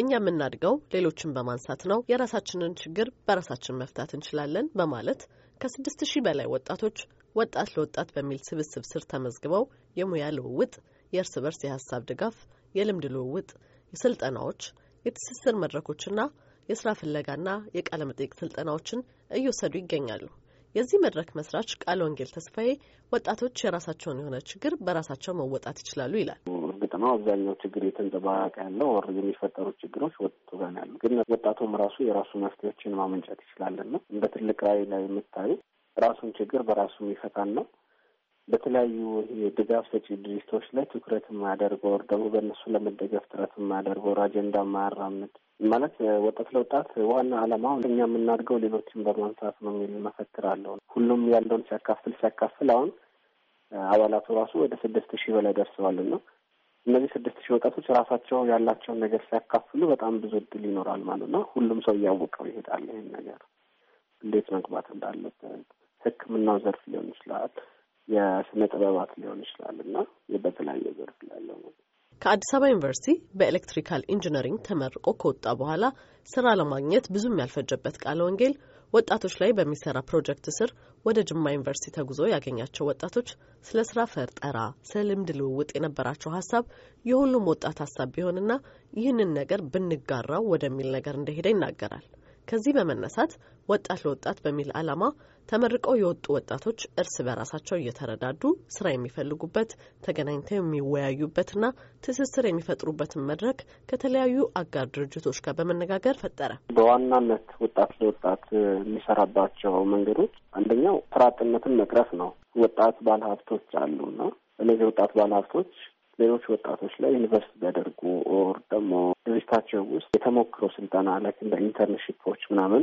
እኛ የምናድገው ሌሎችን በማንሳት ነው። የራሳችንን ችግር በራሳችን መፍታት እንችላለን በማለት ከስድስት ሺህ በላይ ወጣቶች ወጣት ለወጣት በሚል ስብስብ ስር ተመዝግበው የሙያ ልውውጥ፣ የእርስ በርስ የሀሳብ ድጋፍ፣ የልምድ ልውውጥ፣ የስልጠናዎች፣ የትስስር መድረኮችና የስራ ፍለጋና የቃለ መጠይቅ ስልጠናዎችን እየወሰዱ ይገኛሉ። የዚህ መድረክ መስራች ቃለ ወንጌል ተስፋዬ ወጣቶች የራሳቸውን የሆነ ችግር በራሳቸው መወጣት ይችላሉ ይላል። እርግጥ ነው አብዛኛው ችግር የተንጸባረቀ ያለው ወር የሚፈጠሩ ችግሮች ወጡ ጋር ያሉ ግን ወጣቱም ራሱ የራሱ መፍትሄዎችን ማመንጨት ይችላልና እንደ ትልቅ ራዕይ ላይ የምታዩ ራሱን ችግር በራሱ የሚፈታን ነው። በተለያዩ ድጋፍ ሰጪ ድርጅቶች ላይ ትኩረት የማያደርግ ወር ደግሞ በእነሱ ለመደገፍ ጥረት የማያደርግ ወር አጀንዳ የማያራምድ ማለት ወጣት ለወጣት ዋና ዓላማ እኛ የምናድገው ሌሎችን በማንሳት ነው የሚል መፈክር አለው ሁሉም ያለውን ሲያካፍል ሲያካፍል አሁን አባላቱ ራሱ ወደ ስድስት ሺህ በላይ ደርሰዋል ደርሰዋልና እነዚህ ስድስት ሺህ ወጣቶች ራሳቸው ያላቸውን ነገር ሲያካፍሉ በጣም ብዙ እድል ይኖራል ማለት ነው። ሁሉም ሰው እያወቀው ይሄዳል። ይህን ነገር እንዴት መግባት እንዳለበት ሕክምናው ዘርፍ ሊሆን ይችላል፣ የስነ ጥበባት ሊሆን ይችላል እና በተለያየ ዘርፍ ላለው ማለት ከአዲስ አበባ ዩኒቨርሲቲ በኤሌክትሪካል ኢንጂነሪንግ ተመርቆ ከወጣ በኋላ ስራ ለማግኘት ብዙም ያልፈጀበት ቃለ ወንጌል ወጣቶች ላይ በሚሰራ ፕሮጀክት ስር ወደ ጅማ ዩኒቨርሲቲ ተጉዞ ያገኛቸው ወጣቶች ስለ ስራ ፈጠራ፣ ስለ ልምድ ልውውጥ የነበራቸው ሀሳብ የሁሉም ወጣት ሀሳብ ቢሆንና ይህንን ነገር ብንጋራው ወደሚል ነገር እንደሄደ ይናገራል። ከዚህ በመነሳት ወጣት ለወጣት በሚል ዓላማ ተመርቀው የወጡ ወጣቶች እርስ በራሳቸው እየተረዳዱ ስራ የሚፈልጉበት ተገናኝተው የሚወያዩበትና ትስስር የሚፈጥሩበትን መድረክ ከተለያዩ አጋር ድርጅቶች ጋር በመነጋገር ፈጠረ። በዋናነት ወጣት ለወጣት የሚሰራባቸው መንገዶች አንደኛው ስራ አጥነትን መቅረፍ ነው። ወጣት ባለሀብቶች አሉና እነዚህ ወጣት ባለሀብቶች ሌሎች ወጣቶች ላይ ኢንቨስት ቢያደርጉ ኦር ደግሞ ድርጅታቸው ውስጥ የተሞክሮ ስልጠና ላይ እንደ ኢንተርንሽፖች ምናምን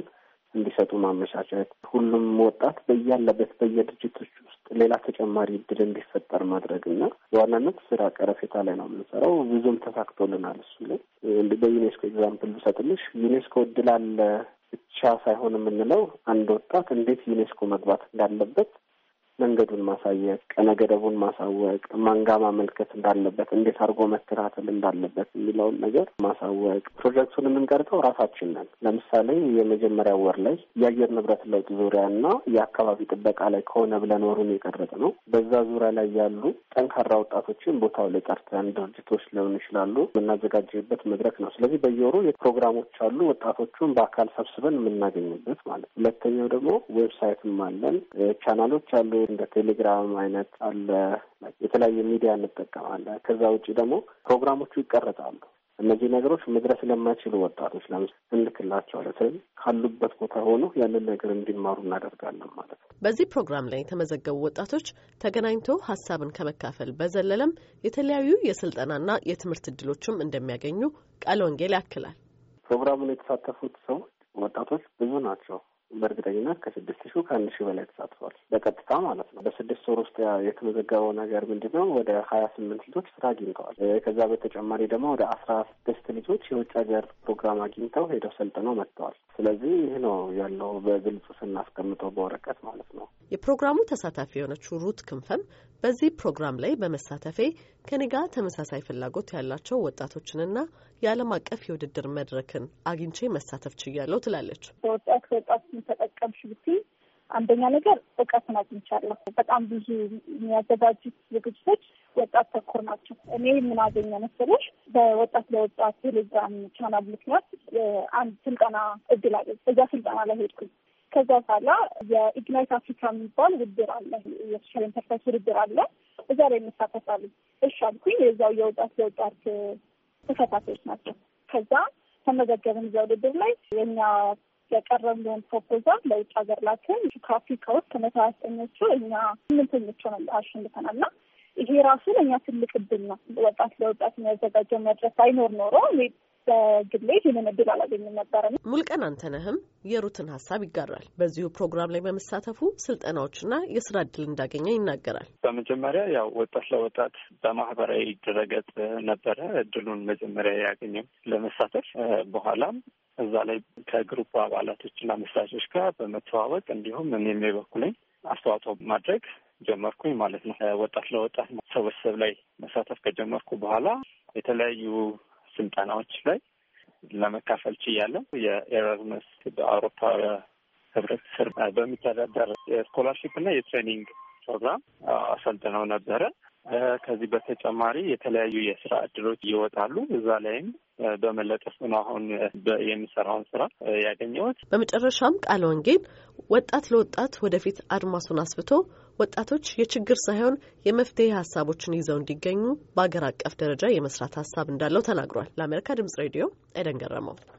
እንዲሰጡ ማመቻቸት፣ ሁሉም ወጣት በያለበት በየድርጅቶች ውስጥ ሌላ ተጨማሪ እድል እንዲፈጠር ማድረግ እና በዋናነት ስራ ቀረፌታ ላይ ነው የምንሰራው። ብዙም ተሳክቶልናል። እሱ ላይ በዩኔስኮ ኤግዛምፕል ብሰጥልሽ ዩኔስኮ እድል አለ ብቻ ሳይሆን የምንለው አንድ ወጣት እንዴት ዩኔስኮ መግባት እንዳለበት መንገዱን ማሳየት፣ ቀነ ገደቡን ማሳወቅ፣ ማንጋ ማመልከት እንዳለበት፣ እንዴት አድርጎ መከታተል እንዳለበት የሚለውን ነገር ማሳወቅ። ፕሮጀክቱን የምንቀርጠው ራሳችን ነን። ለምሳሌ የመጀመሪያ ወር ላይ የአየር ንብረት ለውጥ ዙሪያ እና የአካባቢ ጥበቃ ላይ ከሆነ ብለን ወሩን የቀረጥ ነው። በዛ ዙሪያ ላይ ያሉ ጠንካራ ወጣቶችን ቦታው ላይ ጠርተን ድርጅቶች ሊሆኑ ይችላሉ የምናዘጋጅበት መድረክ ነው። ስለዚህ በየወሩ ፕሮግራሞች አሉ። ወጣቶቹን በአካል ሰብስበን የምናገኝበት ማለት ሁለተኛው ደግሞ ዌብሳይትም አለን፣ ቻናሎች አሉ እንደ ቴሌግራም አይነት አለ። የተለያየ ሚዲያ እንጠቀማለን። ከዛ ውጭ ደግሞ ፕሮግራሞቹ ይቀረጻሉ። እነዚህ ነገሮች መድረስ ለማይችሉ ወጣቶች ለምስ እንልክላቸዋለን። ስለዚህ ካሉበት ቦታ ሆኖ ያንን ነገር እንዲማሩ እናደርጋለን ማለት ነው። በዚህ ፕሮግራም ላይ የተመዘገቡ ወጣቶች ተገናኝቶ ሀሳብን ከመካፈል በዘለለም የተለያዩ የስልጠናና የትምህርት እድሎችም እንደሚያገኙ ቃለ ወንጌል ያክላል። ፕሮግራሙን የተሳተፉት ሰዎች ወጣቶች ብዙ ናቸው። በእርግጠኝነት ከስድስት ሺ ከአንድ ሺ በላይ ተሳትፏል በቀጥታ ማለት ነው። በስድስት ወር ውስጥ የተመዘገበው ነገር ምንድን ነው? ወደ ሀያ ስምንት ልጆች ስራ አግኝተዋል። ከዛ በተጨማሪ ደግሞ ወደ አስራ ስድስት ልጆች የውጭ ሀገር ፕሮግራም አግኝተው ሄደው ሰልጥነው መጥተዋል። ስለዚህ ይህ ነው ያለው በግልጽ ስናስቀምጠው በወረቀት ማለት ነው። የፕሮግራሙ ተሳታፊ የሆነችው ሩት ክንፈም በዚህ ፕሮግራም ላይ በመሳተፌ ከኔ ጋር ተመሳሳይ ፍላጎት ያላቸው ወጣቶችንና የዓለም አቀፍ የውድድር መድረክን አግኝቼ መሳተፍ ችያለሁ ትላለች። ወጣት ወጣት ተጠቀምሽ ብትይ አንደኛ ነገር እውቀትን አግኝቻለሁ። በጣም ብዙ የሚያዘጋጁት ዝግጅቶች ወጣት ተኮር ናቸው። እኔ ምን አገኘ መሰለሽ፣ በወጣት ለወጣት ቴሌግራም ቻናል ምክንያት አንድ ስልጠና እድል አለ። እዛ ስልጠና ላይ ሄድኩኝ። ከዛ በኋላ የኢግናይት አፍሪካ የሚባል ውድድር አለ፣ የሶሻል ኢንተርፕራይዝ ውድድር አለ። እዛ ላይ እንሳተፋሉ። እሺ አልኩኝ። የዛው የወጣት ለወጣት ተከታታዮች ናቸው። ከዛ ተመዘገብን እዛ ውድድር ላይ የኛ የቀረብልን ፕሮፖዛል ለውጭ ሀገር ላክን። ከአፍሪካ ውስጥ ከመተያስተኞቹ እኛ ስምንተኞቹ አሸንፈናል ና ይሄ ራሱ ለእኛ ትልቅ እድል ነው። ወጣት ለወጣት የሚያዘጋጀው መድረክ አይኖር ኖሮ በግሌ ይህንን እድል አላገኝም ነበረ። ሙልቀን አንተነህም የሩትን ሀሳብ ይጋራል። በዚሁ ፕሮግራም ላይ በመሳተፉ ስልጠናዎችና የስራ እድል እንዳገኘ ይናገራል። በመጀመሪያ ያው ወጣት ለወጣት በማህበራዊ ድረገጽ ነበረ እድሉን መጀመሪያ ያገኘው ለመሳተፍ። በኋላም እዛ ላይ ከግሩፕ አባላቶችና መስራቾች ጋር በመተዋወቅ እንዲሁም እኔም የበኩለኝ አስተዋጽኦ ማድረግ ጀመርኩኝ ማለት ነው። ወጣት ለወጣት ሰበሰብ ላይ መሳተፍ ከጀመርኩ በኋላ የተለያዩ ስልጠናዎች ላይ ለመካፈል ችያለሁ። የኤራዝመስ በአውሮፓ ህብረት ስር በሚተዳደር የስኮላርሽፕ እና የትሬኒንግ ፕሮግራም አሰልጥነው ነበረ። ከዚህ በተጨማሪ የተለያዩ የስራ እድሎች ይወጣሉ። እዛ ላይም በመለጠፍ ነው አሁን የሚሰራውን ስራ ያገኘሁት። በመጨረሻም ቃለ ወንጌል ወጣት ለወጣት ወደፊት አድማሱን አስብቶ ወጣቶች የችግር ሳይሆን የመፍትሄ ሀሳቦችን ይዘው እንዲገኙ በአገር አቀፍ ደረጃ የመስራት ሀሳብ እንዳለው ተናግሯል። ለአሜሪካ ድምጽ ሬዲዮ ኤደን ገረመው